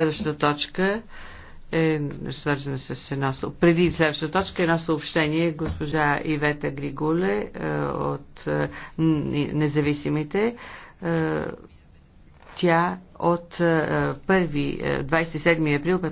Следващата точка е свързана с едно... Преди следващата точка е едно съобщение госпожа Ивета Григуле е, от е, Независимите. Е, тя от 1, 27 април